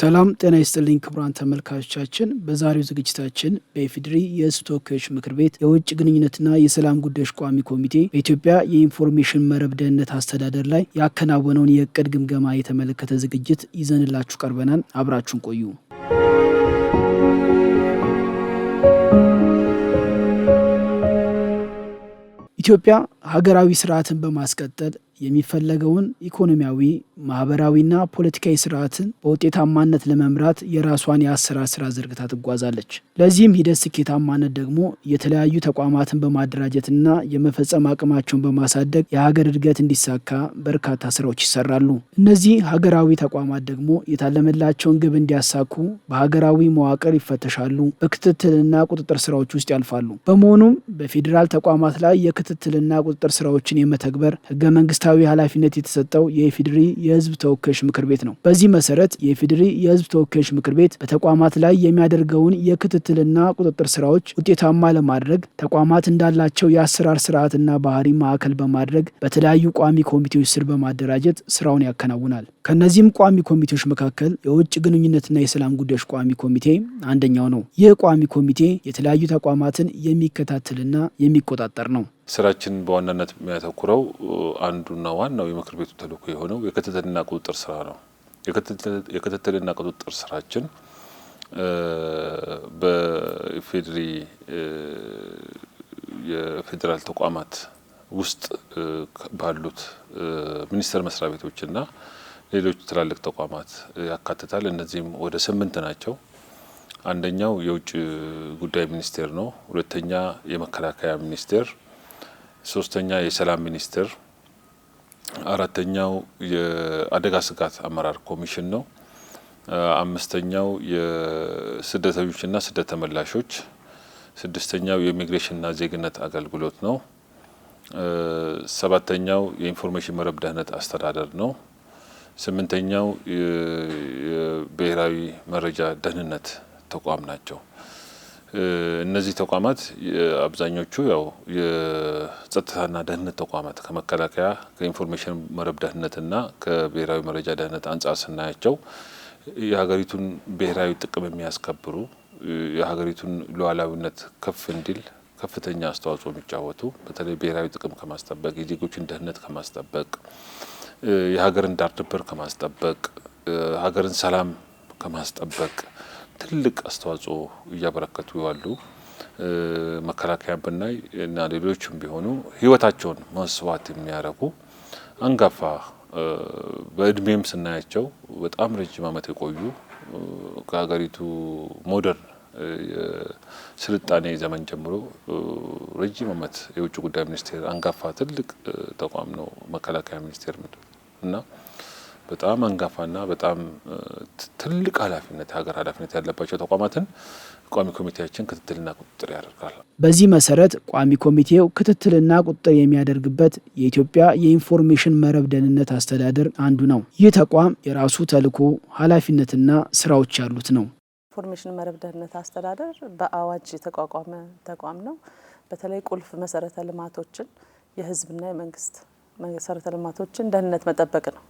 ሰላም ጤና ይስጥልኝ ክቡራን ተመልካቾቻችን። በዛሬው ዝግጅታችን በኢፌዴሪ የሕዝብ ተወካዮች ምክር ቤት የውጭ ግንኙነትና የሰላም ጉዳዮች ቋሚ ኮሚቴ በኢትዮጵያ የኢንፎርሜሽን መረብ ደህንነት አስተዳደር ላይ ያከናወነውን የእቅድ ግምገማ የተመለከተ ዝግጅት ይዘንላችሁ ቀርበናል። አብራችሁን ቆዩ። ኢትዮጵያ ሀገራዊ ስርዓትን በማስቀጠል የሚፈለገውን ኢኮኖሚያዊ ማህበራዊና ፖለቲካዊ ስርዓትን በውጤታማነት ለመምራት የራሷን የአሰራር ስራ ዘርግታ ትጓዛለች። ለዚህም ሂደት ስኬታማነት ደግሞ የተለያዩ ተቋማትን በማደራጀትና የመፈጸም አቅማቸውን በማሳደግ የሀገር እድገት እንዲሳካ በርካታ ስራዎች ይሰራሉ። እነዚህ ሀገራዊ ተቋማት ደግሞ የታለመላቸውን ግብ እንዲያሳኩ በሀገራዊ መዋቅር ይፈተሻሉ፣ በክትትልና ቁጥጥር ስራዎች ውስጥ ያልፋሉ። በመሆኑም በፌዴራል ተቋማት ላይ የክትትልና ቁጥጥር ስራዎችን የመተግበር ህገ መንግስታ ወቅታዊ ኃላፊነት የተሰጠው የኢፌዴሪ የህዝብ ተወካዮች ምክር ቤት ነው። በዚህ መሰረት የኢፌዴሪ የህዝብ ተወካዮች ምክር ቤት በተቋማት ላይ የሚያደርገውን የክትትልና ቁጥጥር ስራዎች ውጤታማ ለማድረግ ተቋማት እንዳላቸው የአሰራር ስርዓትና ባህሪ ማዕከል በማድረግ በተለያዩ ቋሚ ኮሚቴዎች ስር በማደራጀት ስራውን ያከናውናል። ከእነዚህም ቋሚ ኮሚቴዎች መካከል የውጭ ግንኙነትና የሰላም ጉዳዮች ቋሚ ኮሚቴ አንደኛው ነው። ይህ ቋሚ ኮሚቴ የተለያዩ ተቋማትን የሚከታተልና የሚቆጣጠር ነው። ስራችን በዋናነት የሚያተኩረው አንዱና ዋናው የምክር ቤቱ ተልእኮ የሆነው የክትትልና ቁጥጥር ስራ ነው። የክትትልና ቁጥጥር ስራችን በኢፌድሪ የፌዴራል ተቋማት ውስጥ ባሉት ሚኒስቴር መስሪያ ቤቶችና ሌሎች ትላልቅ ተቋማት ያካትታል። እነዚህም ወደ ስምንት ናቸው። አንደኛው የውጭ ጉዳይ ሚኒስቴር ነው። ሁለተኛ የመከላከያ ሚኒስቴር ሶስተኛ የሰላም ሚኒስቴር፣ አራተኛው የአደጋ ስጋት አመራር ኮሚሽን ነው። አምስተኛው የስደተኞችና ስደት ተመላሾች፣ ስድስተኛው የኢሚግሬሽንና ዜግነት አገልግሎት ነው። ሰባተኛው የኢንፎርሜሽን መረብ ደህንነት አስተዳደር ነው። ስምንተኛው የብሔራዊ መረጃ ደህንነት ተቋም ናቸው። እነዚህ ተቋማት አብዛኞቹ ያው የጸጥታና ደህንነት ተቋማት ከመከላከያ ከኢንፎርሜሽን መረብ ደህንነትና ከብሔራዊ መረጃ ደህንነት አንጻር ስናያቸው የሀገሪቱን ብሔራዊ ጥቅም የሚያስከብሩ የሀገሪቱን ሉዓላዊነት ከፍ እንዲል ከፍተኛ አስተዋጽኦ የሚጫወቱ በተለይ ብሔራዊ ጥቅም ከማስጠበቅ የዜጎችን ደህንነት ከማስጠበቅ የሀገርን ዳር ድንበር ከማስጠበቅ ሀገርን ሰላም ከማስጠበቅ ትልቅ አስተዋጽኦ እያበረከቱ ያሉ መከላከያ ብናይ እና ሌሎችም ቢሆኑ ህይወታቸውን መስዋዕት የሚያደርጉ አንጋፋ በእድሜም ስናያቸው በጣም ረጅም ዓመት የቆዩ ከሀገሪቱ ሞደርን ስልጣኔ ዘመን ጀምሮ ረጅም ዓመት የውጭ ጉዳይ ሚኒስቴር አንጋፋ ትልቅ ተቋም ነው መከላከያ ሚኒስቴር ምድር እና በጣም አንጋፋና በጣም ትልቅ ኃላፊነት ሀገር ኃላፊነት ያለባቸው ተቋማትን ቋሚ ኮሚቴያችን ክትትልና ቁጥጥር ያደርጋል። በዚህ መሰረት ቋሚ ኮሚቴው ክትትልና ቁጥጥር የሚያደርግበት የኢትዮጵያ የኢንፎርሜሽን መረብ ደህንነት አስተዳደር አንዱ ነው። ይህ ተቋም የራሱ ተልዕኮ ኃላፊነትና ስራዎች ያሉት ነው። ኢንፎርሜሽን መረብ ደህንነት አስተዳደር በአዋጅ የተቋቋመ ተቋም ነው። በተለይ ቁልፍ መሰረተ ልማቶችን የህዝብና የመንግስት መሰረተ ልማቶችን ደህንነት መጠበቅ ነው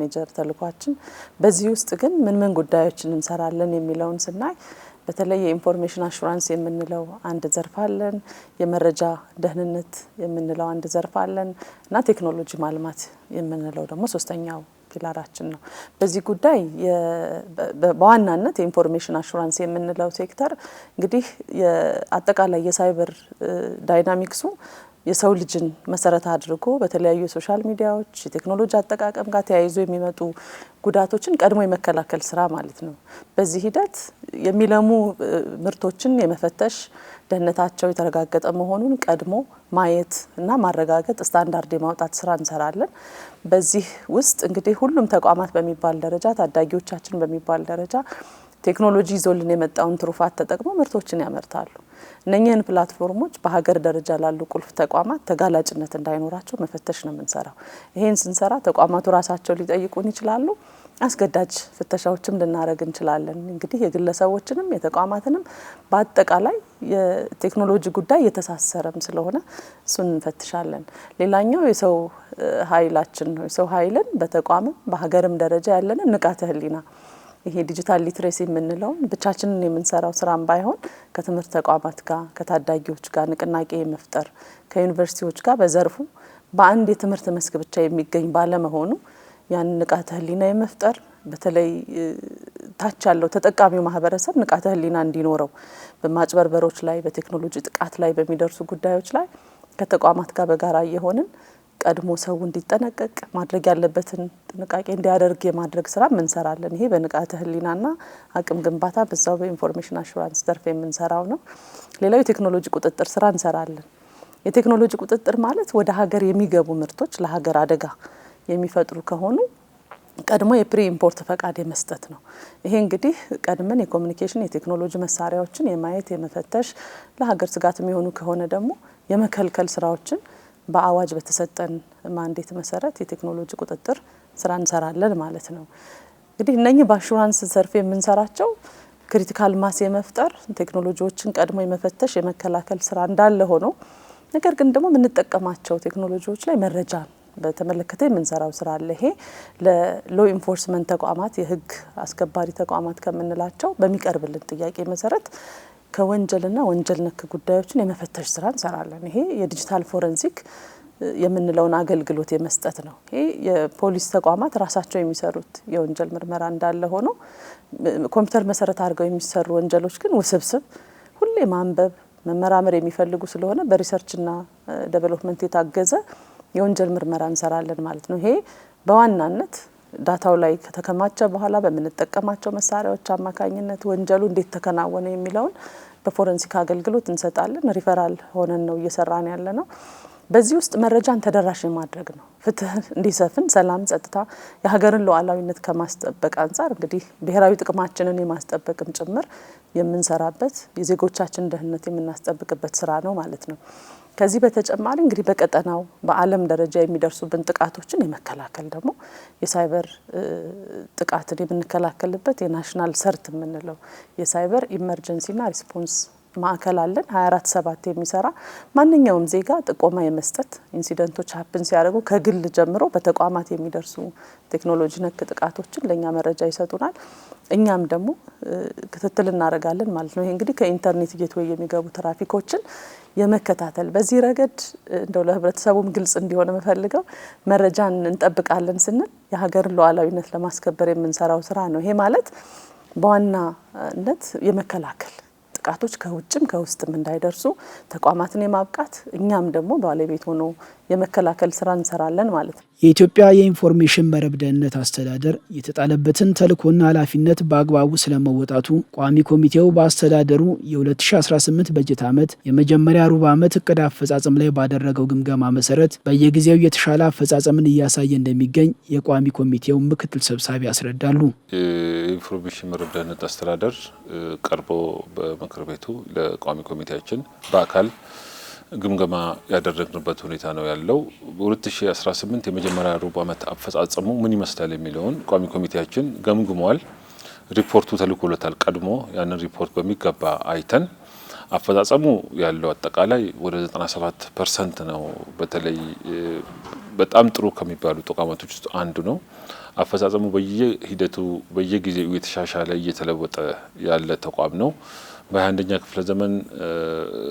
ሜጀር ተልኳችን። በዚህ ውስጥ ግን ምን ምን ጉዳዮችን እንሰራለን የሚለውን ስናይ በተለይ የኢንፎርሜሽን አሹራንስ የምንለው አንድ ዘርፍ አለን፣ የመረጃ ደህንነት የምንለው አንድ ዘርፍ አለን እና ቴክኖሎጂ ማልማት የምንለው ደግሞ ሶስተኛው ፒላራችን ነው። በዚህ ጉዳይ በዋናነት የኢንፎርሜሽን አሹራንስ የምንለው ሴክተር እንግዲህ አጠቃላይ የሳይበር ዳይናሚክሱ የሰው ልጅን መሰረት አድርጎ በተለያዩ የሶሻል ሚዲያዎች የቴክኖሎጂ አጠቃቀም ጋር ተያይዞ የሚመጡ ጉዳቶችን ቀድሞ የመከላከል ስራ ማለት ነው። በዚህ ሂደት የሚለሙ ምርቶችን የመፈተሽ ደህንነታቸው የተረጋገጠ መሆኑን ቀድሞ ማየት እና ማረጋገጥ ስታንዳርድ የማውጣት ስራ እንሰራለን። በዚህ ውስጥ እንግዲህ ሁሉም ተቋማት በሚባል ደረጃ ታዳጊዎቻችን በሚባል ደረጃ ቴክኖሎጂ ይዞልን የመጣውን ትሩፋት ተጠቅሞ ምርቶችን ያመርታሉ። እነኚህን ፕላትፎርሞች በሀገር ደረጃ ላሉ ቁልፍ ተቋማት ተጋላጭነት እንዳይኖራቸው መፈተሽ ነው የምንሰራው። ይህን ስንሰራ ተቋማቱ ራሳቸው ሊጠይቁን ይችላሉ። አስገዳጅ ፍተሻዎችም ልናደረግ እንችላለን። እንግዲህ የግለሰቦችንም የተቋማትንም በአጠቃላይ የቴክኖሎጂ ጉዳይ እየተሳሰረም ስለሆነ እሱን እንፈትሻለን። ሌላኛው የሰው ኃይላችን ነው። የሰው ኃይልን በተቋምም በሀገርም ደረጃ ያለንን ንቃተ ህሊና ይሄ ዲጂታል ሊትሬሲ የምንለውን ብቻችንን የምንሰራው ስራም ባይሆን ከትምህርት ተቋማት ጋር ከታዳጊዎች ጋር ንቅናቄ መፍጠር ከዩኒቨርሲቲዎች ጋር በዘርፉ በአንድ የትምህርት መስክ ብቻ የሚገኝ ባለመሆኑ ያን ንቃተ ህሊና የመፍጠር በተለይ ታች ያለው ተጠቃሚው ማህበረሰብ ንቃተ ህሊና እንዲኖረው በማጭበርበሮች ላይ በቴክኖሎጂ ጥቃት ላይ በሚደርሱ ጉዳዮች ላይ ከተቋማት ጋር በጋራ እየሆንን ቀድሞ ሰው እንዲጠነቀቅ ማድረግ ያለበትን ጥንቃቄ እንዲያደርግ የማድረግ ስራ እንሰራለን። ይሄ በንቃተ ህሊናና አቅም ግንባታ በዛው በኢንፎርሜሽን አሹራንስ ዘርፍ የምንሰራው ነው። ሌላው የቴክኖሎጂ ቁጥጥር ስራ እንሰራለን። የቴክኖሎጂ ቁጥጥር ማለት ወደ ሀገር የሚገቡ ምርቶች ለሀገር አደጋ የሚፈጥሩ ከሆኑ ቀድሞ የፕሪ ኢምፖርት ፈቃድ የመስጠት ነው። ይሄ እንግዲህ ቀድመን የኮሚኒኬሽን የቴክኖሎጂ መሳሪያዎችን የማየት የመፈተሽ፣ ለሀገር ስጋት የሚሆኑ ከሆነ ደግሞ የመከልከል ስራዎችን በአዋጅ በተሰጠን ማንዴት መሰረት የቴክኖሎጂ ቁጥጥር ስራ እንሰራለን ማለት ነው። እንግዲህ እነኚህ በአሹራንስ ዘርፍ የምንሰራቸው ክሪቲካል ማስ የመፍጠር ቴክኖሎጂዎችን ቀድሞ የመፈተሽ የመከላከል ስራ እንዳለ ሆኖ ነገር ግን ደግሞ የምንጠቀማቸው ቴክኖሎጂዎች ላይ መረጃ በተመለከተ የምንሰራው ስራ አለ። ይሄ ለሎ ኢንፎርስመንት ተቋማት የህግ አስከባሪ ተቋማት ከምንላቸው በሚቀርብልን ጥያቄ መሰረት ከወንጀልና ወንጀል ነክ ጉዳዮችን የመፈተሽ ስራ እንሰራለን። ይሄ የዲጂታል ፎረንሲክ የምንለውን አገልግሎት የመስጠት ነው። ይሄ የፖሊስ ተቋማት ራሳቸው የሚሰሩት የወንጀል ምርመራ እንዳለ ሆኖ ኮምፒውተር መሰረት አድርገው የሚሰሩ ወንጀሎች ግን ውስብስብ፣ ሁሌ ማንበብ መመራመር የሚፈልጉ ስለሆነ በሪሰርችና ዴቨሎፕመንት የታገዘ የወንጀል ምርመራ እንሰራለን ማለት ነው። ይሄ በዋናነት ዳታው ላይ ከተከማቸ በኋላ በምንጠቀማቸው መሳሪያዎች አማካኝነት ወንጀሉ እንዴት ተከናወነ የሚለውን በፎረንሲክ አገልግሎት እንሰጣለን። ሪፈራል ሆነን ነው እየሰራን ያለ ነው። በዚህ ውስጥ መረጃን ተደራሽ የማድረግ ነው። ፍትህ እንዲሰፍን፣ ሰላም፣ ጸጥታ፣ የሀገርን ሉዓላዊነት ከማስጠበቅ አንጻር እንግዲህ ብሔራዊ ጥቅማችንን የማስጠበቅም ጭምር የምንሰራበት የዜጎቻችን ደህንነት የምናስጠብቅበት ስራ ነው ማለት ነው። ከዚህ በተጨማሪ እንግዲህ በቀጠናው በዓለም ደረጃ የሚደርሱብን ጥቃቶችን የመከላከል ደግሞ የሳይበር ጥቃትን የምንከላከልበት የናሽናል ሰርት የምንለው የሳይበር ኢመርጀንሲና ሪስፖንስ ማዕከል አለን። 24 ሰባት የሚሰራ ማንኛውም ዜጋ ጥቆማ የመስጠት ኢንሲደንቶች ሀፕን ሲያደርጉ ከግል ጀምሮ በተቋማት የሚደርሱ ቴክኖሎጂ ነክ ጥቃቶችን ለእኛ መረጃ ይሰጡናል። እኛም ደግሞ ክትትል እናደርጋለን ማለት ነው። ይሄ እንግዲህ ከኢንተርኔት ጌትወይ የሚገቡ ትራፊኮችን የመከታተል በዚህ ረገድ እንደው ለህብረተሰቡም ግልጽ እንዲሆን የምፈልገው መረጃን እንጠብቃለን ስንል የሀገርን ሉዓላዊነት ለማስከበር የምንሰራው ስራ ነው። ይሄ ማለት በዋናነት የመከላከል ጥቃቶች ከውጭም ከውስጥም እንዳይደርሱ ተቋማትን የማብቃት እኛም ደግሞ ባለቤት ሆኖ የመከላከል ስራ እንሰራለን ማለት ነው። የኢትዮጵያ የኢንፎርሜሽን መረብ ደህንነት አስተዳደር የተጣለበትን ተልኮና ኃላፊነት በአግባቡ ስለመወጣቱ ቋሚ ኮሚቴው በአስተዳደሩ የ2018 በጀት ዓመት የመጀመሪያ ሩብ ዓመት እቅድ አፈጻጸም ላይ ባደረገው ግምገማ መሰረት በየጊዜው የተሻለ አፈጻጸምን እያሳየ እንደሚገኝ የቋሚ ኮሚቴው ምክትል ሰብሳቢ ያስረዳሉ። የኢንፎርሜሽን መረብ ደህንነት አስተዳደር ቀርቦ በምክር ቤቱ ለቋሚ ኮሚቴያችን በአካል ግምገማ ያደረግንበት ሁኔታ ነው ያለው። በ2018 የመጀመሪያ ሩብ ዓመት አፈጻጸሙ ምን ይመስላል የሚለውን ቋሚ ኮሚቴያችን ገምግሟል። ሪፖርቱ ተልኮለታል። ቀድሞ ያንን ሪፖርት በሚገባ አይተን አፈጻጸሙ ያለው አጠቃላይ ወደ 97 ፐርሰንት ነው። በተለይ በጣም ጥሩ ከሚባሉ ተቋማቶች ውስጥ አንዱ ነው። አፈጻጸሙ በየሂደቱ በየጊዜው የተሻሻለ እየተለወጠ ያለ ተቋም ነው። በ21ኛ ክፍለ ዘመን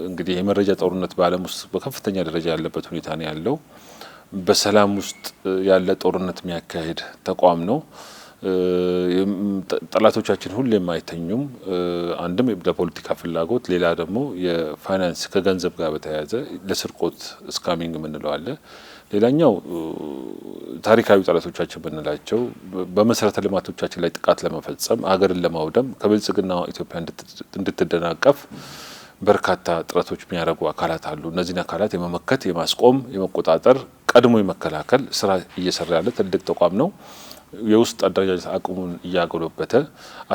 እንግዲህ የመረጃ ጦርነት በዓለም ውስጥ በከፍተኛ ደረጃ ያለበት ሁኔታ ነው ያለው። በሰላም ውስጥ ያለ ጦርነት የሚያካሄድ ተቋም ነው። ጠላቶቻችን ሁሌም አይተኙም። አንድም ለፖለቲካ ፍላጎት፣ ሌላ ደግሞ የፋይናንስ ከገንዘብ ጋር በተያያዘ ለስርቆት ስካሚንግ የምንለው አለ። ሌላኛው ታሪካዊ ጠላቶቻችን ብንላቸው በመሰረተ ልማቶቻችን ላይ ጥቃት ለመፈጸም ሀገርን ለማውደም ከብልጽግና ኢትዮጵያ እንድትደናቀፍ በርካታ ጥረቶች የሚያደርጉ አካላት አሉ። እነዚህን አካላት የመመከት የማስቆም፣ የመቆጣጠር ቀድሞ የመከላከል ስራ እየሰራ ያለ ትልቅ ተቋም ነው። የውስጥ አደረጃጀት አቅሙን እያጎለበተ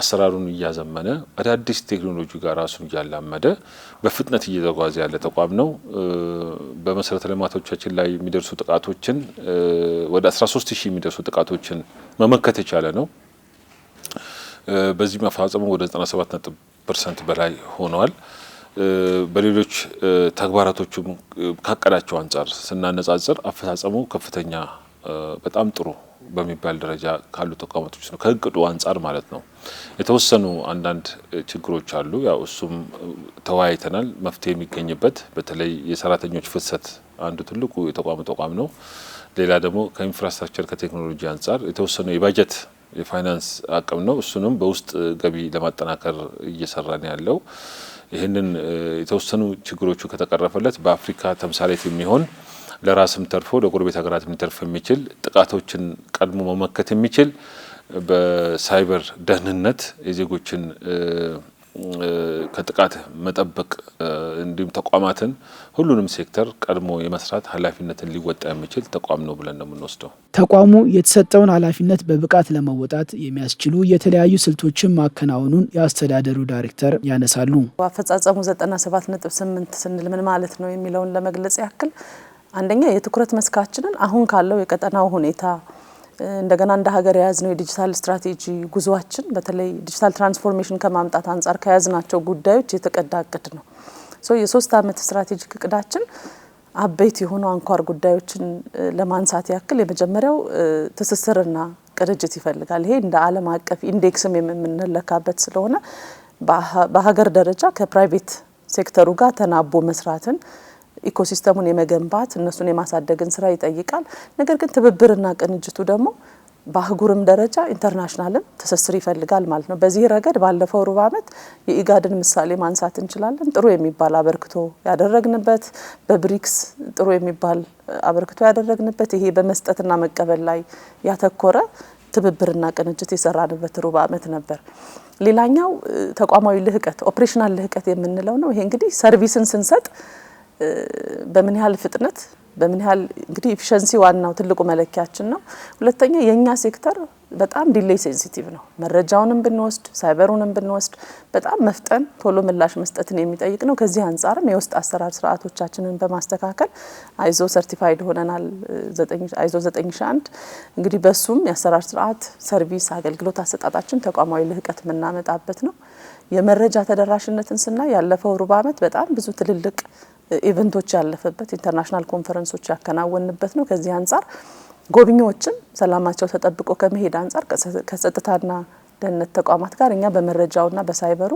አሰራሩን እያዘመነ አዳዲስ ቴክኖሎጂ ጋር ራሱን እያላመደ በፍጥነት እየተጓዘ ያለ ተቋም ነው። በመሰረተ ልማቶቻችን ላይ የሚደርሱ ጥቃቶችን ወደ 13 ሺህ የሚደርሱ ጥቃቶችን መመከት የቻለ ነው። በዚህ መፋጸሙ ወደ 97 ነጥብ ፐርሰንት በላይ ሆኗል። በሌሎች ተግባራቶቹም ካቀዳቸው አንጻር ስናነጻጽር አፈጻጸሙ ከፍተኛ በጣም ጥሩ በሚባል ደረጃ ካሉ ተቋማቶች ነው። ከእቅዱ አንጻር ማለት ነው። የተወሰኑ አንዳንድ ችግሮች አሉ። ያው እሱም ተወያይተናል። መፍትሄ የሚገኝበት በተለይ የሰራተኞች ፍሰት አንዱ ትልቁ የተቋሙ ተቋም ነው። ሌላ ደግሞ ከኢንፍራስትራክቸር ከቴክኖሎጂ አንጻር የተወሰኑ የባጀት የፋይናንስ አቅም ነው። እሱንም በውስጥ ገቢ ለማጠናከር እየሰራን ያለው ይህንን የተወሰኑ ችግሮቹ ከተቀረፈለት በአፍሪካ ተምሳሌት የሚሆን ለራስም ተርፎ ለጎረቤት ሀገራት ሊተርፍ የሚችል ጥቃቶችን ቀድሞ መመከት የሚችል በሳይበር ደህንነት የዜጎችን ከጥቃት መጠበቅ እንዲሁም ተቋማትን ሁሉንም ሴክተር ቀድሞ የመስራት ኃላፊነትን ሊወጣ የሚችል ተቋም ነው ብለን ነው የምንወስደው። ተቋሙ የተሰጠውን ኃላፊነት በብቃት ለመወጣት የሚያስችሉ የተለያዩ ስልቶችን ማከናወኑን የአስተዳደሩ ዳይሬክተር ያነሳሉ። አፈጻጸሙ 97.8 ስንል ምን ማለት ነው የሚለውን ለመግለጽ ያክል አንደኛ የትኩረት መስካችንን አሁን ካለው የቀጠናው ሁኔታ እንደገና እንደ ሀገር የያዝነው የዲጂታል ስትራቴጂ ጉዞችን በተለይ ዲጂታል ትራንስፎርሜሽን ከማምጣት አንጻር ከያዝናቸው ጉዳዮች የተቀዳ እቅድ ነው። ሶ የሶስት ዓመት ስትራቴጂክ እቅዳችን አበይት የሆኑ አንኳር ጉዳዮችን ለማንሳት ያክል የመጀመሪያው ትስስርና ቅንጅት ይፈልጋል። ይሄ እንደ ዓለም አቀፍ ኢንዴክስም የምንለካበት ስለሆነ በሀገር ደረጃ ከፕራይቬት ሴክተሩ ጋር ተናቦ መስራትን ኢኮሲስተሙን የመገንባት እነሱን የማሳደግን ስራ ይጠይቃል። ነገር ግን ትብብርና ቅንጅቱ ደግሞ በአህጉርም ደረጃ ኢንተርናሽናልም ትስስር ይፈልጋል ማለት ነው። በዚህ ረገድ ባለፈው ሩብ ዓመት የኢጋድን ምሳሌ ማንሳት እንችላለን። ጥሩ የሚባል አበርክቶ ያደረግንበት በብሪክስ ጥሩ የሚባል አበርክቶ ያደረግንበት ይሄ በመስጠትና መቀበል ላይ ያተኮረ ትብብርና ቅንጅት የሰራንበት ሩብ ዓመት ነበር። ሌላኛው ተቋማዊ ልህቀት ኦፕሬሽናል ልህቀት የምንለው ነው። ይሄ እንግዲህ ሰርቪስን ስንሰጥ በምን ያህል ፍጥነት በምን ያህል እንግዲህ ኢፊሸንሲ ዋናው ትልቁ መለኪያችን ነው። ሁለተኛ የእኛ ሴክተር በጣም ዲሌይ ሴንሲቲቭ ነው። መረጃውንም ብንወስድ ሳይበሩንም ብንወስድ በጣም መፍጠን ቶሎ ምላሽ መስጠትን የሚጠይቅ ነው። ከዚህ አንጻርም የውስጥ አሰራር ስርዓቶቻችንን በማስተካከል አይዞ ሰርቲፋይድ ሆነናል። አይዞ 9001 እንግዲህ በሱም የአሰራር ስርዓት ሰርቪስ፣ አገልግሎት አሰጣጣችን ተቋማዊ ልህቀት የምናመጣበት ነው። የመረጃ ተደራሽነትን ስናይ ያለፈው ሩብ ዓመት በጣም ብዙ ትልልቅ ኢቨንቶች ያለፈበት ኢንተርናሽናል ኮንፈረንሶች ያከናወንበት ነው። ከዚህ አንጻር ጎብኚዎችም ሰላማቸው ተጠብቆ ከመሄድ አንጻር ከጸጥታና ደህንነት ተቋማት ጋር እኛ በመረጃውና በሳይበሩ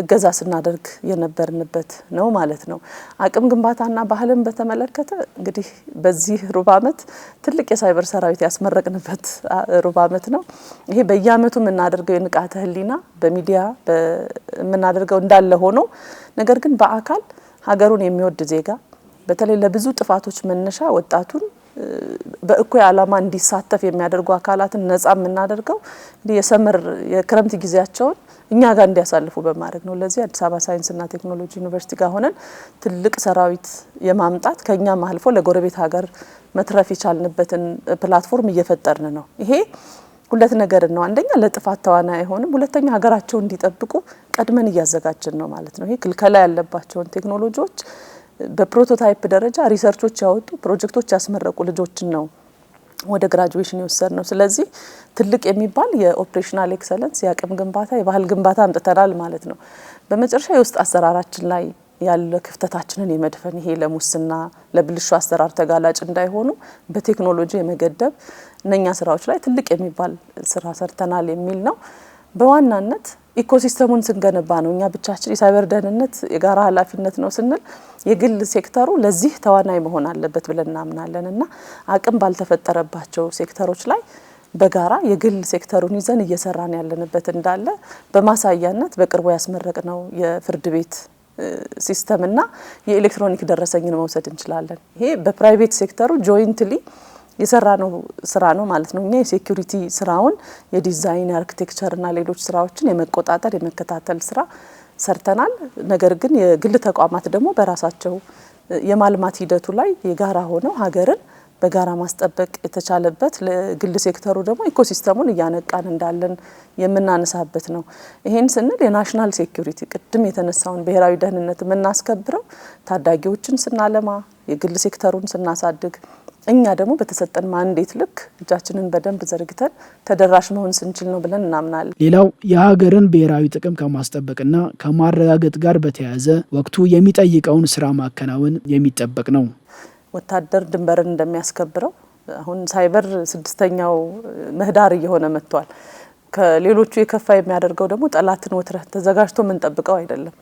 እገዛ ስናደርግ የነበርንበት ነው ማለት ነው። አቅም ግንባታና ባህልን በተመለከተ እንግዲህ በዚህ ሩብ ዓመት ትልቅ የሳይበር ሰራዊት ያስመረቅንበት ሩብ ዓመት ነው። ይሄ በየዓመቱ የምናደርገው የንቃተ ህሊና በሚዲያ የምናደርገው እንዳለ ሆኖ ነገር ግን በአካል ሀገሩን የሚወድ ዜጋ በተለይ ለብዙ ጥፋቶች መነሻ ወጣቱን በእኩይ ዓላማ እንዲሳተፍ የሚያደርጉ አካላትን ነጻ የምናደርገው የሰመር የክረምት ጊዜያቸውን እኛ ጋር እንዲያሳልፉ በማድረግ ነው። ለዚህ አዲስ አበባ ሳይንስና ቴክኖሎጂ ዩኒቨርሲቲ ጋር ሆነን ትልቅ ሰራዊት የማምጣት ከእኛም አልፎ ለጎረቤት ሀገር መትረፍ የቻልንበትን ፕላትፎርም እየፈጠርን ነው ይሄ ሁለት ነገር ነው። አንደኛ ለጥፋት ተዋና አይሆንም። ሁለተኛ ሀገራቸውን እንዲጠብቁ ቀድመን እያዘጋጀን ነው ማለት ነው። ይሄ ክልከላ ያለባቸውን ቴክኖሎጂዎች በፕሮቶታይፕ ደረጃ ሪሰርቾች ያወጡ ፕሮጀክቶች ያስመረቁ ልጆችን ነው ወደ ግራጁዌሽን የወሰድ ነው። ስለዚህ ትልቅ የሚባል የኦፕሬሽናል ኤክሰለንስ የአቅም ግንባታ የባህል ግንባታ አምጥተናል ማለት ነው። በመጨረሻ የውስጥ አሰራራችን ላይ ያለ ክፍተታችንን የመድፈን ይሄ ለሙስና ለብልሹ አሰራር ተጋላጭ እንዳይሆኑ በቴክኖሎጂ የመገደብ እነኛ ስራዎች ላይ ትልቅ የሚባል ስራ ሰርተናል የሚል ነው። በዋናነት ኢኮሲስተሙን ስንገነባ ነው እኛ ብቻችን የሳይበር ደህንነት የጋራ ኃላፊነት ነው ስንል የግል ሴክተሩ ለዚህ ተዋናይ መሆን አለበት ብለን እናምናለን እና አቅም ባልተፈጠረባቸው ሴክተሮች ላይ በጋራ የግል ሴክተሩን ይዘን እየሰራን ያለንበት እንዳለ በማሳያነት በቅርቡ ያስመረቅ ነው የፍርድ ቤት ሲስተምና የኤሌክትሮኒክ ደረሰኝን መውሰድ እንችላለን። ይሄ በፕራይቬት ሴክተሩ ጆይንትሊ የሰራ ነው ስራ ነው ማለት ነው። እኛ የሴኩሪቲ ስራውን የዲዛይን አርኪቴክቸርና ሌሎች ስራዎችን የመቆጣጠር የመከታተል ስራ ሰርተናል። ነገር ግን የግል ተቋማት ደግሞ በራሳቸው የማልማት ሂደቱ ላይ የጋራ ሆነው ሀገርን በጋራ ማስጠበቅ የተቻለበት ለግል ሴክተሩ ደግሞ ኢኮሲስተሙን እያነቃን እንዳለን የምናነሳበት ነው። ይሄን ስንል የናሽናል ሴኩሪቲ ቅድም የተነሳውን ብሔራዊ ደህንነት የምናስከብረው ታዳጊዎችን ስናለማ፣ የግል ሴክተሩን ስናሳድግ እኛ ደግሞ በተሰጠን ማንዴት ልክ እጃችንን በደንብ ዘርግተን ተደራሽ መሆን ስንችል ነው ብለን እናምናለን። ሌላው የሀገርን ብሔራዊ ጥቅም ከማስጠበቅና ከማረጋገጥ ጋር በተያያዘ ወቅቱ የሚጠይቀውን ስራ ማከናወን የሚጠበቅ ነው። ወታደር ድንበርን እንደሚያስከብረው አሁን ሳይበር ስድስተኛው ምህዳር እየሆነ መጥቷል። ከሌሎቹ የከፋ የሚያደርገው ደግሞ ጠላትን ወትረህ ተዘጋጅቶ የምንጠብቀው አይደለም።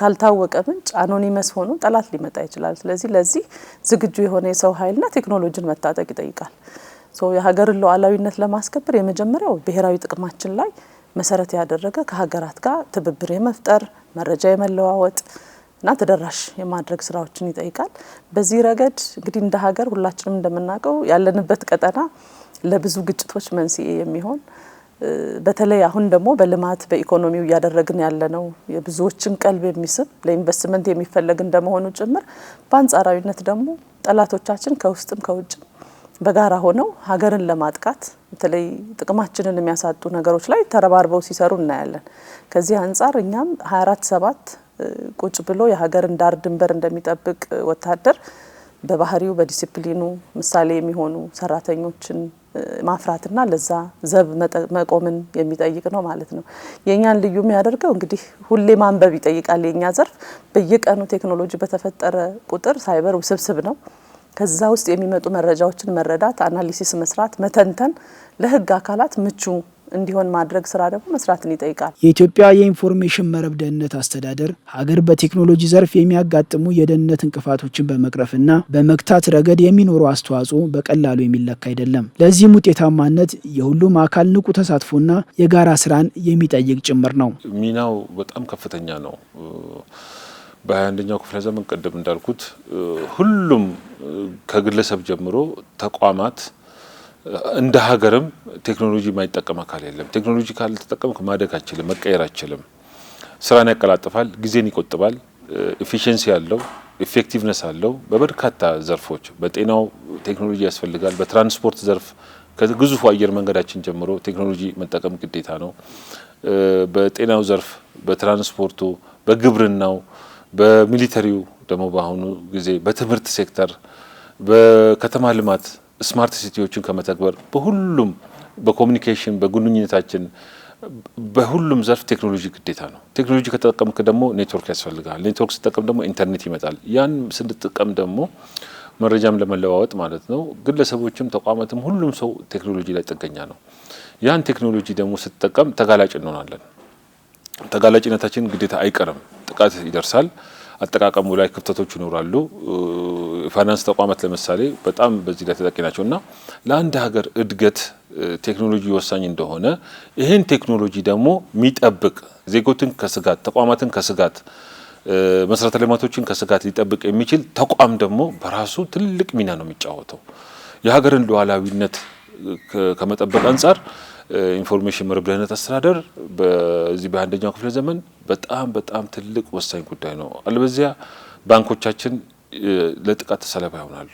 ካልታወቀ ምንጭ አኖኒመስ ሆኖ ጠላት ሊመጣ ይችላል። ስለዚህ ለዚህ ዝግጁ የሆነ የሰው ኃይልና ቴክኖሎጂን መታጠቅ ይጠይቃል። የሀገርን ሉዓላዊነት ለማስከበር የመጀመሪያው ብሔራዊ ጥቅማችን ላይ መሰረት ያደረገ ከሀገራት ጋር ትብብር የመፍጠር መረጃ የመለዋወጥ እና ተደራሽ የማድረግ ስራዎችን ይጠይቃል። በዚህ ረገድ እንግዲህ እንደ ሀገር ሁላችንም እንደምናውቀው ያለንበት ቀጠና ለብዙ ግጭቶች መንስኤ የሚሆን በተለይ አሁን ደግሞ በልማት በኢኮኖሚው እያደረግን ያለነው የብዙዎችን ቀልብ የሚስብ ለኢንቨስትመንት የሚፈለግ እንደመሆኑ ጭምር በአንጻራዊነት ደግሞ ጠላቶቻችን ከውስጥም ከውጭም በጋራ ሆነው ሀገርን ለማጥቃት በተለይ ጥቅማችንን የሚያሳጡ ነገሮች ላይ ተረባርበው ሲሰሩ እናያለን። ከዚህ አንጻር እኛም 24 ሰባት ቁጭ ብሎ የሀገርን ዳር ድንበር እንደሚጠብቅ ወታደር በባህሪው በዲሲፕሊኑ ምሳሌ የሚሆኑ ሰራተኞችን ማፍራትና ለዛ ዘብ መቆምን የሚጠይቅ ነው ማለት ነው። የእኛን ልዩ የሚያደርገው እንግዲህ ሁሌ ማንበብ ይጠይቃል። የእኛ ዘርፍ በየቀኑ ቴክኖሎጂ በተፈጠረ ቁጥር ሳይበር ውስብስብ ነው። ከዛ ውስጥ የሚመጡ መረጃዎችን መረዳት፣ አናሊሲስ መስራት፣ መተንተን ለህግ አካላት ምቹ እንዲሆን ማድረግ ስራ ደግሞ መስራትን ይጠይቃል። የኢትዮጵያ የኢንፎርሜሽን መረብ ደህንነት አስተዳደር ሀገር በቴክኖሎጂ ዘርፍ የሚያጋጥሙ የደህንነት እንቅፋቶችን በመቅረፍና በመግታት ረገድ የሚኖረው አስተዋጽኦ በቀላሉ የሚለካ አይደለም። ለዚህም ውጤታማነት የሁሉም አካል ንቁ ተሳትፎና የጋራ ስራን የሚጠይቅ ጭምር ነው። ሚናው በጣም ከፍተኛ ነው። በ21ኛው ክፍለ ዘመን ቅድም እንዳልኩት ሁሉም ከግለሰብ ጀምሮ ተቋማት እንደ ሀገርም ቴክኖሎጂ የማይጠቀም አካል የለም። ቴክኖሎጂ ካልተጠቀምክ ማደግ አችልም፣ መቀየር አችልም ስራን ያቀላጥፋል፣ ጊዜን ይቆጥባል፣ ኤፊሽንሲ አለው፣ ኢፌክቲቭነስ አለው። በበርካታ ዘርፎች በጤናው ቴክኖሎጂ ያስፈልጋል። በትራንስፖርት ዘርፍ ከግዙፉ አየር መንገዳችን ጀምሮ ቴክኖሎጂ መጠቀም ግዴታ ነው። በጤናው ዘርፍ፣ በትራንስፖርቱ፣ በግብርናው፣ በሚሊተሪው ደግሞ በአሁኑ ጊዜ በትምህርት ሴክተር፣ በከተማ ልማት ስማርት ሲቲዎችን ከመተግበር በሁሉም በኮሚኒኬሽን በግንኙነታችን በሁሉም ዘርፍ ቴክኖሎጂ ግዴታ ነው። ቴክኖሎጂ ከተጠቀምክ ደግሞ ኔትወርክ ያስፈልጋል። ኔትወርክ ስጠቀም ደግሞ ኢንተርኔት ይመጣል። ያን ስንጠቀም ደግሞ መረጃም ለመለዋወጥ ማለት ነው። ግለሰቦችም ተቋማትም ሁሉም ሰው ቴክኖሎጂ ላይ ጥገኛ ነው። ያን ቴክኖሎጂ ደግሞ ስትጠቀም ተጋላጭ እንሆናለን። ተጋላጭነታችን ግዴታ አይቀርም፣ ጥቃት ይደርሳል። አጠቃቀሙ ላይ ክፍተቶች ይኖራሉ። የፋይናንስ ተቋማት ለምሳሌ በጣም በዚህ ላይ ተጠቂ ናቸው እና ለአንድ ሀገር እድገት ቴክኖሎጂ ወሳኝ እንደሆነ ይህን ቴክኖሎጂ ደግሞ የሚጠብቅ ዜጎችን ከስጋት ተቋማትን ከስጋት መሰረተ ልማቶችን ከስጋት ሊጠብቅ የሚችል ተቋም ደግሞ በራሱ ትልቅ ሚና ነው የሚጫወተው የሀገርን ሉዓላዊነት ከመጠበቅ አንጻር ኢንፎርሜሽን መረብ ደህንነት አስተዳደር በዚህ በአንደኛው ክፍለ ዘመን በጣም በጣም ትልቅ ወሳኝ ጉዳይ ነው። አለበዚያ ባንኮቻችን ለጥቃት ተሰለባ ይሆናሉ።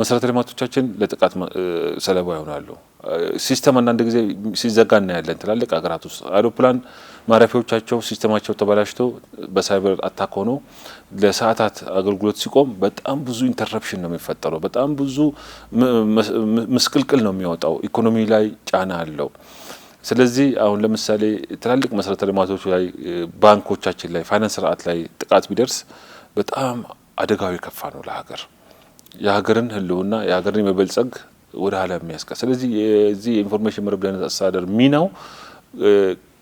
መሰረተ ልማቶቻችን ለጥቃት ሰለባ ይሆናሉ። ሲስተም አንዳንድ ጊዜ ሲዘጋ እናያለን። ትላልቅ ሀገራት ውስጥ አውሮፕላን ማረፊያዎቻቸው ሲስተማቸው ተበላሽቶ በሳይበር አታክ ሆኖ ለሰዓታት አገልግሎት ሲቆም በጣም ብዙ ኢንተረፕሽን ነው የሚፈጠረው። በጣም ብዙ ምስቅልቅል ነው የሚያወጣው። ኢኮኖሚ ላይ ጫና አለው። ስለዚህ አሁን ለምሳሌ ትላልቅ መሰረተ ልማቶች ላይ፣ ባንኮቻችን ላይ፣ ፋይናንስ ስርዓት ላይ ጥቃት ቢደርስ በጣም አደጋዊ ከፋ ነው ለሀገር የሀገርን ህልውና የሀገርን የመበልጸግ ወደ ኋላ የሚያስቀር ስለዚህ የዚህ የኢንፎርሜሽን መረብ ደህንነት አስተዳደር ሚናው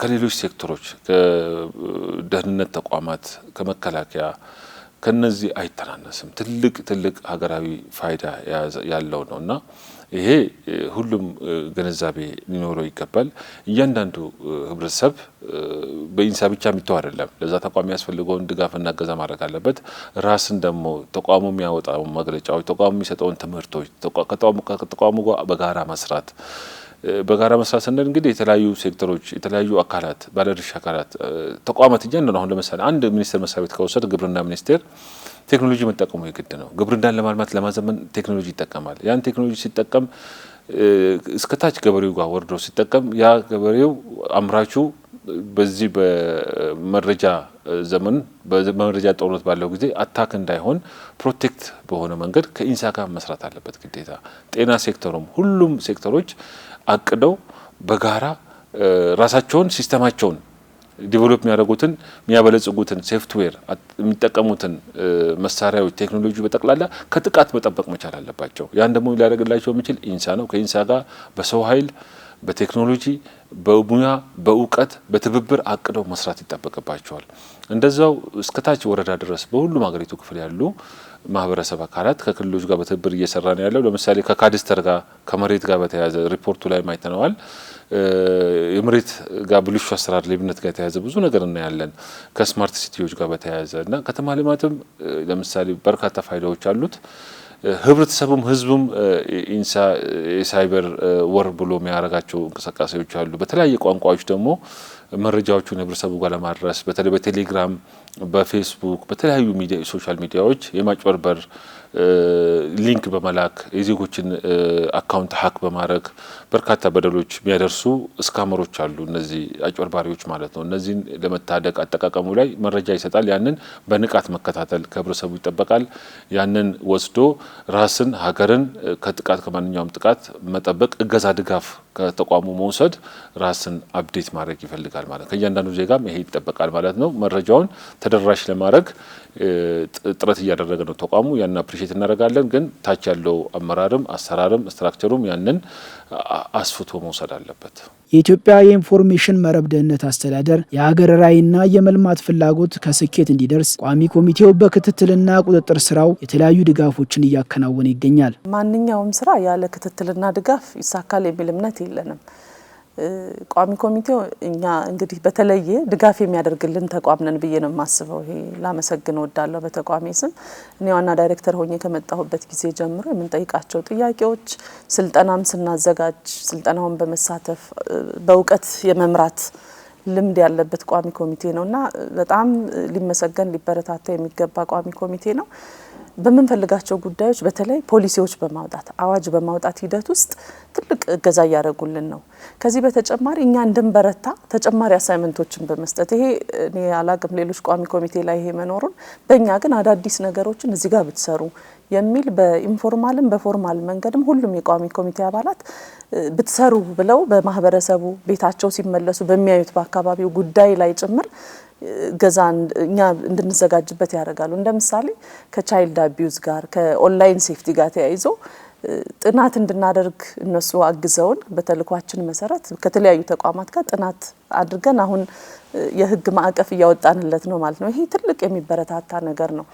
ከሌሎች ሴክተሮች ከደህንነት ተቋማት ከመከላከያ ከነዚህ አይተናነስም። ትልቅ ትልቅ ሀገራዊ ፋይዳ ያለው ነው እና ይሄ ሁሉም ግንዛቤ ሊኖረው ይገባል። እያንዳንዱ ህብረተሰብ በኢንሳ ብቻ የሚተው አይደለም። ለዛ ተቋም የሚያስፈልገውን ድጋፍና እገዛ ማድረግ አለበት። ራስን ደግሞ ተቋሙ የሚያወጣው መግለጫዎች፣ ተቋሙ የሚሰጠውን ትምህርቶች ከተቋሙ ጋር በጋራ መስራት በጋራ መስራት ስንል እንግዲህ የተለያዩ ሴክተሮች፣ የተለያዩ አካላት፣ ባለድርሻ አካላት፣ ተቋማት እያንዳንዱ አሁን ለምሳሌ አንድ ሚኒስቴር መስሪያ ቤት ከወሰድ ግብርና ሚኒስቴር ቴክኖሎጂ መጠቀሙ የግድ ነው። ግብርናን ለማልማት ለማዘመን ቴክኖሎጂ ይጠቀማል። ያን ቴክኖሎጂ ሲጠቀም እስከ ታች ገበሬው ጋር ወርዶ ሲጠቀም ያ ገበሬው አምራቹ በዚህ በመረጃ ዘመን በመረጃ ጦርነት ባለው ጊዜ አታክ እንዳይሆን ፕሮቴክት በሆነ መንገድ ከኢንሳ ጋር መስራት አለበት ግዴታ። ጤና ሴክተሩም ሁሉም ሴክተሮች አቅደው በጋራ ራሳቸውን ሲስተማቸውን ዲቨሎፕ የሚያደርጉትን የሚያበለጽጉትን ሶፍትዌር የሚጠቀሙትን መሳሪያዎች፣ ቴክኖሎጂ በጠቅላላ ከጥቃት መጠበቅ መቻል አለባቸው። ያን ደግሞ ሊያደርግላቸው የሚችል ኢንሳ ነው። ከኢንሳ ጋር በሰው ኃይል በቴክኖሎጂ በሙያ በእውቀት በትብብር አቅደው መስራት ይጠበቅባቸዋል። እንደዛው እስከታች ወረዳ ድረስ በሁሉም ሀገሪቱ ክፍል ያሉ ማህበረሰብ አካላት ከክልሎች ጋር በትብብር እየሰራ ነው ያለው። ለምሳሌ ከካድስተር ጋር ከመሬት ጋር በተያያዘ ሪፖርቱ ላይ ማይተነዋል። የመሬት ጋር ብልሹ አሰራር፣ ሌብነት ጋር የተያያዘ ብዙ ነገር እናያለን። ከስማርት ሲቲዎች ጋር በተያያዘ እና ከተማ ልማትም ለምሳሌ በርካታ ፋይዳዎች አሉት። ህብረተሰቡም ህዝቡም ኢንሳ የሳይበር ወር ብሎ የሚያደርጋቸው እንቅስቃሴዎች አሉ። በተለያየ ቋንቋዎች ደግሞ መረጃዎቹን ህብረተሰቡ ጋር ለማድረስ በተለይ በቴሌግራም፣ በፌስቡክ፣ በተለያዩ ሶሻል ሚዲያዎች የማጭበርበር ሊንክ በመላክ የዜጎችን አካውንት ሀክ በማድረግ በርካታ በደሎች የሚያደርሱ እስካመሮች አሉ፣ እነዚህ አጭበርባሪዎች ማለት ነው። እነዚህን ለመታደግ አጠቃቀሙ ላይ መረጃ ይሰጣል። ያንን በንቃት መከታተል ከህብረተሰቡ ይጠበቃል። ያንን ወስዶ ራስን ሀገርን ከጥቃት ከማንኛውም ጥቃት መጠበቅ እገዛ ድጋፍ ከተቋሙ መውሰድ ራስን አብዴት ማድረግ ይፈልጋል ማለት ነው። ከእያንዳንዱ ዜጋም ይሄ ይጠበቃል ማለት ነው። መረጃውን ተደራሽ ለማድረግ ጥረት እያደረገ ነው ተቋሙ። ያንን አፕሪሼት እናደርጋለን። ግን ታች ያለው አመራርም አሰራርም ስትራክቸሩም ያንን አስፍቶ መውሰድ አለበት። የኢትዮጵያ የኢንፎርሜሽን መረብ ደህንነት አስተዳደር የሀገር ራዕይና የመልማት ፍላጎት ከስኬት እንዲደርስ ቋሚ ኮሚቴው በክትትልና ቁጥጥር ስራው የተለያዩ ድጋፎችን እያከናወነ ይገኛል። ማንኛውም ስራ ያለ ክትትልና ድጋፍ ይሳካል የሚል እምነት የለንም። ቋሚ ኮሚቴው እኛ እንግዲህ በተለየ ድጋፍ የሚያደርግልን ተቋም ነን ብዬ ነው የማስበው። ይሄ ላመሰግን ወዳለሁ በተቋሜ ስም። እኔ ዋና ዳይሬክተር ሆኜ ከመጣሁበት ጊዜ ጀምሮ የምንጠይቃቸው ጥያቄዎች፣ ስልጠናም ስናዘጋጅ ስልጠናውን በመሳተፍ በእውቀት የመምራት ልምድ ያለበት ቋሚ ኮሚቴ ነው እና በጣም ሊመሰገን ሊበረታታ የሚገባ ቋሚ ኮሚቴ ነው። በምንፈልጋቸው ጉዳዮች በተለይ ፖሊሲዎች በማውጣት አዋጅ በማውጣት ሂደት ውስጥ ትልቅ እገዛ እያደረጉልን ነው። ከዚህ በተጨማሪ እኛ እንድንበረታ ተጨማሪ አሳይመንቶችን በመስጠት ይሄ እኔ አላቅም ሌሎች ቋሚ ኮሚቴ ላይ ይሄ መኖሩን፣ በእኛ ግን አዳዲስ ነገሮችን እዚህ ጋር ብትሰሩ የሚል በኢንፎርማልም በፎርማል መንገድም ሁሉም የቋሚ ኮሚቴ አባላት ብትሰሩ ብለው በማህበረሰቡ ቤታቸው ሲመለሱ በሚያዩት በአካባቢው ጉዳይ ላይ ጭምር ገዛ እኛ እንድንዘጋጅበት ያደርጋሉ። እንደ ምሳሌ ከቻይልድ አቢዩዝ ጋር ከኦንላይን ሴፍቲ ጋር ተያይዞ ጥናት እንድናደርግ እነሱ አግዘውን በተልኳችን መሰረት ከተለያዩ ተቋማት ጋር ጥናት አድርገን አሁን የህግ ማዕቀፍ እያወጣንለት ነው ማለት ነው። ይሄ ትልቅ የሚበረታታ ነገር ነው።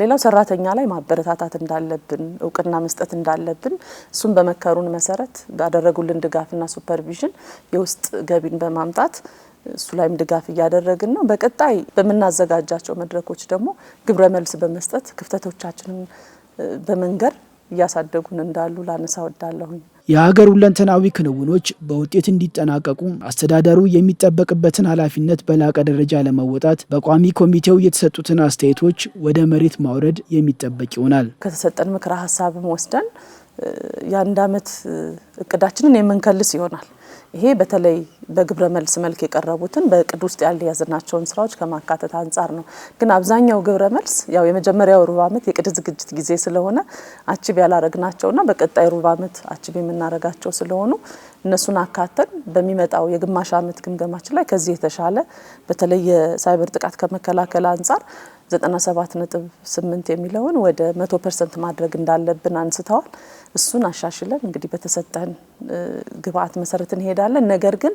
ሌላው ሰራተኛ ላይ ማበረታታት እንዳለብን እውቅና መስጠት እንዳለብን እሱም በመከሩን መሰረት ባደረጉልን ድጋፍና ሱፐርቪዥን የውስጥ ገቢን በማምጣት እሱ ላይም ድጋፍ እያደረግን ነው። በቀጣይ በምናዘጋጃቸው መድረኮች ደግሞ ግብረ መልስ በመስጠት ክፍተቶቻችንን በመንገር እያሳደጉን እንዳሉ ላነሳ ወዳለሁኝ። የሀገር ሁለንተናዊ ክንውኖች በውጤት እንዲጠናቀቁ አስተዳደሩ የሚጠበቅበትን ኃላፊነት በላቀ ደረጃ ለመወጣት በቋሚ ኮሚቴው የተሰጡትን አስተያየቶች ወደ መሬት ማውረድ የሚጠበቅ ይሆናል። ከተሰጠን ምክረ ሀሳብም ወስደን የአንድ ዓመት እቅዳችንን የምንከልስ ይሆናል። ይሄ በተለይ በግብረ መልስ መልክ የቀረቡትን በእቅድ ውስጥ ያል የያዝናቸውን ስራዎች ከማካተት አንጻር ነው። ግን አብዛኛው ግብረ መልስ ያው የመጀመሪያው ሩብ ዓመት የቅድ ዝግጅት ጊዜ ስለሆነ አችብ ያላረግናቸውና በቀጣይ ሩብ ዓመት አችብ የምናረጋቸው ስለሆኑ እነሱን አካተን በሚመጣው የግማሽ ዓመት ግምገማችን ላይ ከዚህ የተሻለ በተለይ የሳይበር ጥቃት ከመከላከል አንጻር 97.8 የሚለውን ወደ 100 ፐርሰንት ማድረግ እንዳለብን አንስተዋል። እሱን አሻሽለን እንግዲህ በተሰጠን ግብአት መሰረት እንሄዳለን። ነገር ግን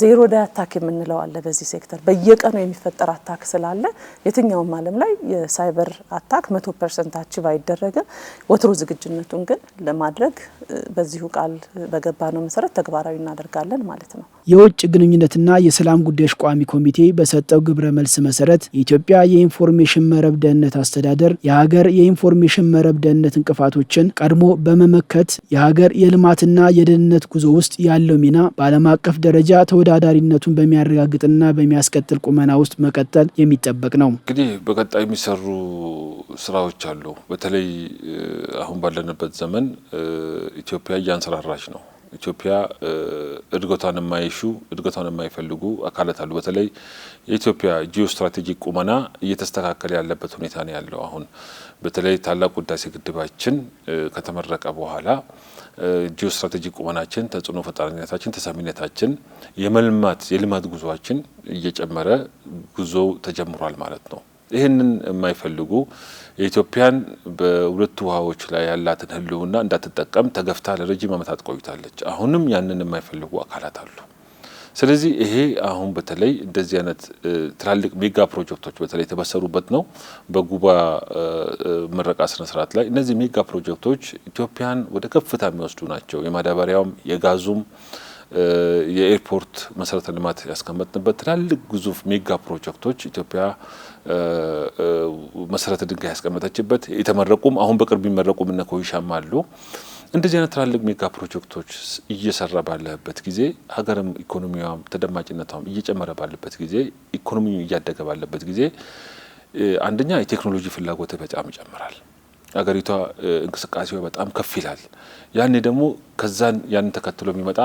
ዜሮ ዳይ አታክ የምንለው አለ። በዚህ ሴክተር በየቀኑ የሚፈጠር አታክ ስላለ የትኛውም ዓለም ላይ የሳይበር አታክ መቶ ፐርሰንት አቺቭ አይደረግም። ወትሮ ዝግጁነቱን ግን ለማድረግ በዚሁ ቃል በገባ ነው መሰረት ተግባራዊ እናደርጋለን ማለት ነው። የውጭ ግንኙነትና የሰላም ጉዳዮች ቋሚ ኮሚቴ በሰጠው ግብረ መልስ መሰረት የኢትዮጵያ የኢንፎርሜሽን መረብ ደህንነት አስተዳደር የሀገር የኢንፎርሜሽን መረብ ደህንነት እንቅፋቶችን ቀድሞ በመመከት የሀገር የልማትና የደህንነት ጉዞ ውስጥ ያለው ሚና በዓለም አቀፍ ደረጃ ደረጃ ተወዳዳሪነቱን በሚያረጋግጥና በሚያስቀጥል ቁመና ውስጥ መቀጠል የሚጠበቅ ነው። እንግዲህ በቀጣይ የሚሰሩ ስራዎች አሉ። በተለይ አሁን ባለንበት ዘመን ኢትዮጵያ እያንሰራራች ነው። ኢትዮጵያ እድገቷን የማይሹ እድገቷን የማይፈልጉ አካላት አሉ። በተለይ የኢትዮጵያ ጂኦ ስትራቴጂክ ቁመና እየተስተካከለ ያለበት ሁኔታ ነው ያለው አሁን በተለይ ታላቁ ህዳሴ ግድባችን ከተመረቀ በኋላ ጂኦ ስትራቴጂክ ቁመናችን፣ ተጽዕኖ ፈጣሪነታችን፣ ተሰሚነታችን፣ የመልማት የልማት ጉዞችን እየጨመረ ጉዞ ተጀምሯል ማለት ነው። ይህንን የማይፈልጉ የኢትዮጵያን በሁለቱ ውሃዎች ላይ ያላትን ህልውና እንዳትጠቀም ተገፍታ ለረጅም ዓመታት ቆይታለች። አሁንም ያንን የማይፈልጉ አካላት አሉ። ስለዚህ ይሄ አሁን በተለይ እንደዚህ አይነት ትላልቅ ሜጋ ፕሮጀክቶች በተለይ የተበሰሩበት ነው። በጉባ ምረቃ ስነስርዓት ላይ እነዚህ ሜጋ ፕሮጀክቶች ኢትዮጵያን ወደ ከፍታ የሚወስዱ ናቸው። የማዳበሪያውም የጋዙም የኤርፖርት መሰረተ ልማት ያስቀመጥንበት ትላልቅ ግዙፍ ሜጋ ፕሮጀክቶች ኢትዮጵያ መሰረተ ድንጋይ ያስቀመጠችበት የተመረቁም አሁን በቅርብ የሚመረቁም እነ ኮይሻም አሉ። እንደዚህ አይነት ትላልቅ ሜጋ ፕሮጀክቶች እየሰራ ባለበት ጊዜ ሀገርም ኢኮኖሚዋም ተደማጭነቷም እየጨመረ ባለበት ጊዜ ኢኮኖሚ እያደገ ባለበት ጊዜ አንደኛ የቴክኖሎጂ ፍላጎት በጣም ይጨምራል። ሀገሪቷ እንቅስቃሴ በጣም ከፍ ይላል። ያኔ ደግሞ ከዛን ያንን ተከትሎ የሚመጣ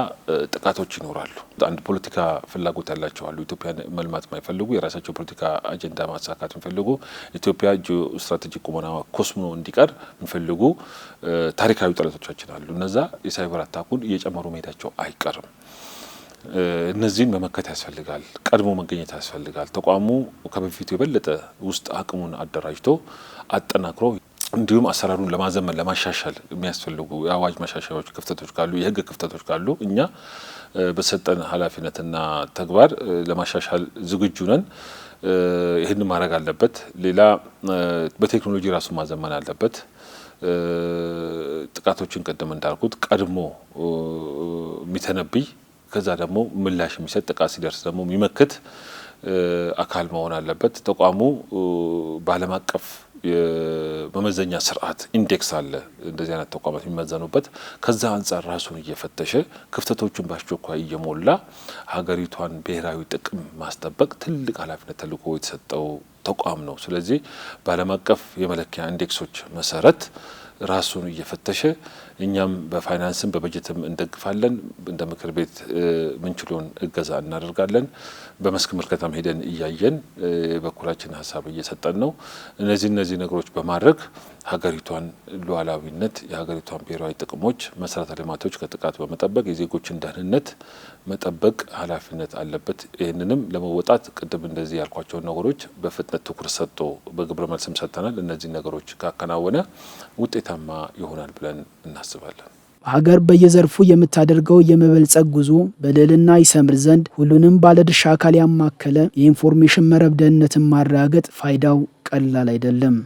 ጥቃቶች ይኖራሉ። አንድ ፖለቲካ ፍላጎት ያላቸው አሉ። ኢትዮጵያን መልማት የማይፈልጉ የራሳቸው ፖለቲካ አጀንዳ ማሳካት የሚፈልጉ ኢትዮጵያ ጂኦ ስትራቴጂክ ቁመና ኮስሞ እንዲቀር የሚፈልጉ ታሪካዊ ጠላቶቻችን አሉ። እነዛ የሳይበር አታኩን እየጨመሩ መሄዳቸው አይቀርም። እነዚህን መመከት ያስፈልጋል። ቀድሞ መገኘት ያስፈልጋል። ተቋሙ ከበፊቱ የበለጠ ውስጥ አቅሙን አደራጅቶ አጠናክሮ እንዲሁም አሰራሩን ለማዘመን ለማሻሻል የሚያስፈልጉ የአዋጅ ማሻሻያዎች ክፍተቶች ካሉ የህግ ክፍተቶች ካሉ እኛ በሰጠን ኃላፊነትና ተግባር ለማሻሻል ዝግጁ ነን። ይህን ማድረግ አለበት። ሌላ በቴክኖሎጂ ራሱ ማዘመን አለበት። ጥቃቶችን ቅድም እንዳልኩት ቀድሞ የሚተነብይ ከዛ ደግሞ ምላሽ የሚሰጥ ጥቃት ሲደርስ ደግሞ የሚመክት አካል መሆን አለበት። ተቋሙ በዓለም አቀፍ የመመዘኛ ስርዓት ኢንዴክስ አለ፣ እንደዚህ አይነት ተቋማት የሚመዘኑበት። ከዛ አንጻር ራሱን እየፈተሸ ክፍተቶቹን በአስቸኳይ እየሞላ ሀገሪቷን ብሔራዊ ጥቅም ማስጠበቅ ትልቅ ኃላፊነት ተልዕኮ የተሰጠው ተቋም ነው። ስለዚህ በዓለም አቀፍ የመለኪያ ኢንዴክሶች መሰረት ራሱን እየፈተሸ እኛም በፋይናንስም በበጀትም እንደግፋለን። እንደ ምክር ቤት ምንችሎን እገዛ እናደርጋለን። በመስክ ምልከታም ሄደን እያየን የበኩላችን ሀሳብ እየሰጠን ነው። እነዚህ እነዚህ ነገሮች በማድረግ ሀገሪቷን ሉዓላዊነት፣ የሀገሪቷን ብሔራዊ ጥቅሞች፣ መሰረተ ልማቶች ከጥቃት በመጠበቅ የዜጎችን ደህንነት መጠበቅ ኃላፊነት አለበት። ይህንንም ለመወጣት ቅድም እንደዚህ ያልኳቸውን ነገሮች በፍጥነት ትኩረት ሰጥቶ በግብረ መልስም ሰጥተናል። እነዚህ ነገሮች ካከናወነ ውጤታማ ይሆናል ብለን እናስባለን። ሀገር በየዘርፉ የምታደርገው የመበልጸግ ጉዞ በልዕልና ይሰምር ዘንድ ሁሉንም ባለድርሻ አካል ያማከለ የኢንፎርሜሽን መረብ ደህንነትን ማረጋገጥ ፋይዳው ቀላል አይደለም።